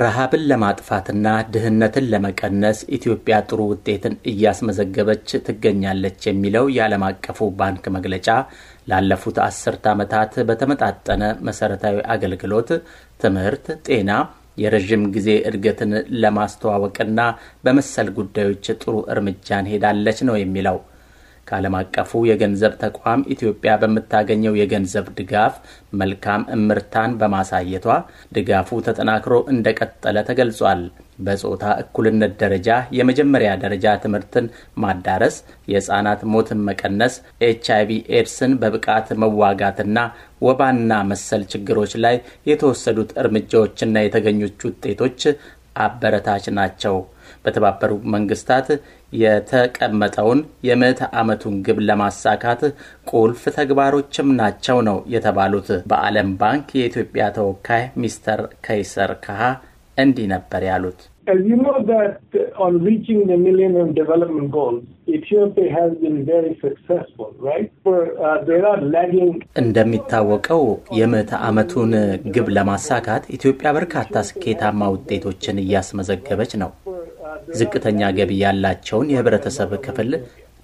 ረሃብን ለማጥፋትና ድህነትን ለመቀነስ ኢትዮጵያ ጥሩ ውጤትን እያስመዘገበች ትገኛለች የሚለው የዓለም አቀፉ ባንክ መግለጫ ላለፉት አስርተ ዓመታት በተመጣጠነ መሠረታዊ አገልግሎት፣ ትምህርት፣ ጤና፣ የረዥም ጊዜ እድገትን ለማስተዋወቅና በመሰል ጉዳዮች ጥሩ እርምጃ ሄዳለች ነው የሚለው ከዓለም አቀፉ የገንዘብ ተቋም ኢትዮጵያ በምታገኘው የገንዘብ ድጋፍ መልካም እምርታን በማሳየቷ ድጋፉ ተጠናክሮ እንደቀጠለ ተገልጿል። በጾታ እኩልነት ደረጃ የመጀመሪያ ደረጃ ትምህርትን ማዳረስ፣ የህፃናት ሞትን መቀነስ፣ ኤች አይቪ ኤድስን በብቃት መዋጋትና ወባና መሰል ችግሮች ላይ የተወሰዱት እርምጃዎችና የተገኙት ውጤቶች አበረታች ናቸው። በተባበሩት መንግስታት የተቀመጠውን የምዕተ ዓመቱን ግብ ለማሳካት ቁልፍ ተግባሮችም ናቸው ነው የተባሉት። በዓለም ባንክ የኢትዮጵያ ተወካይ ሚስተር ከይሰር ካሃ እንዲህ ነበር ያሉት። As you know that uh, on reaching the Millennium Development Goals, Ethiopia has been very successful, right? For, uh, they are lagging. እንደሚታወቀው የምዕተ ዓመቱን ግብ ለማሳካት ኢትዮጵያ በርካታ ስኬታማ ውጤቶችን እያስመዘገበች ነው። ዝቅተኛ ገቢ ያላቸውን የህብረተሰብ ክፍል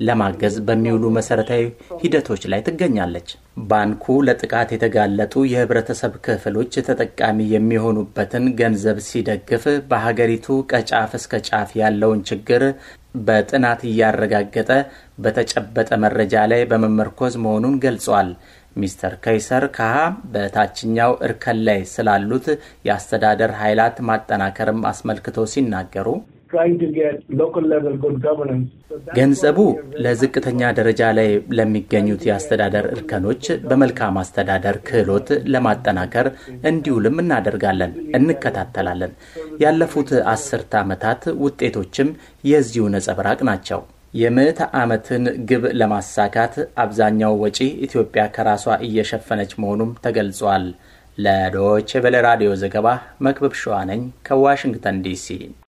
ለማገዝ በሚውሉ መሠረታዊ ሂደቶች ላይ ትገኛለች። ባንኩ ለጥቃት የተጋለጡ የህብረተሰብ ክፍሎች ተጠቃሚ የሚሆኑበትን ገንዘብ ሲደግፍ በሀገሪቱ ከጫፍ እስከ ጫፍ ያለውን ችግር በጥናት እያረጋገጠ በተጨበጠ መረጃ ላይ በመመርኮዝ መሆኑን ገልጿል። ሚስተር ከይሰር ካሃ በታችኛው እርከን ላይ ስላሉት የአስተዳደር ኃይላት ማጠናከርም አስመልክቶ ሲናገሩ ገንዘቡ ለዝቅተኛ ደረጃ ላይ ለሚገኙት የአስተዳደር እርከኖች በመልካም አስተዳደር ክህሎት ለማጠናከር እንዲውልም እናደርጋለን፣ እንከታተላለን። ያለፉት አስርተ ዓመታት ውጤቶችም የዚሁ ነጸብራቅ ናቸው። የምዕተ ዓመትን ግብ ለማሳካት አብዛኛው ወጪ ኢትዮጵያ ከራሷ እየሸፈነች መሆኑም ተገልጿል። ለዶች ቬለ ራዲዮ ዘገባ መክብብ ሸዋነኝ ከዋሽንግተን ዲሲ።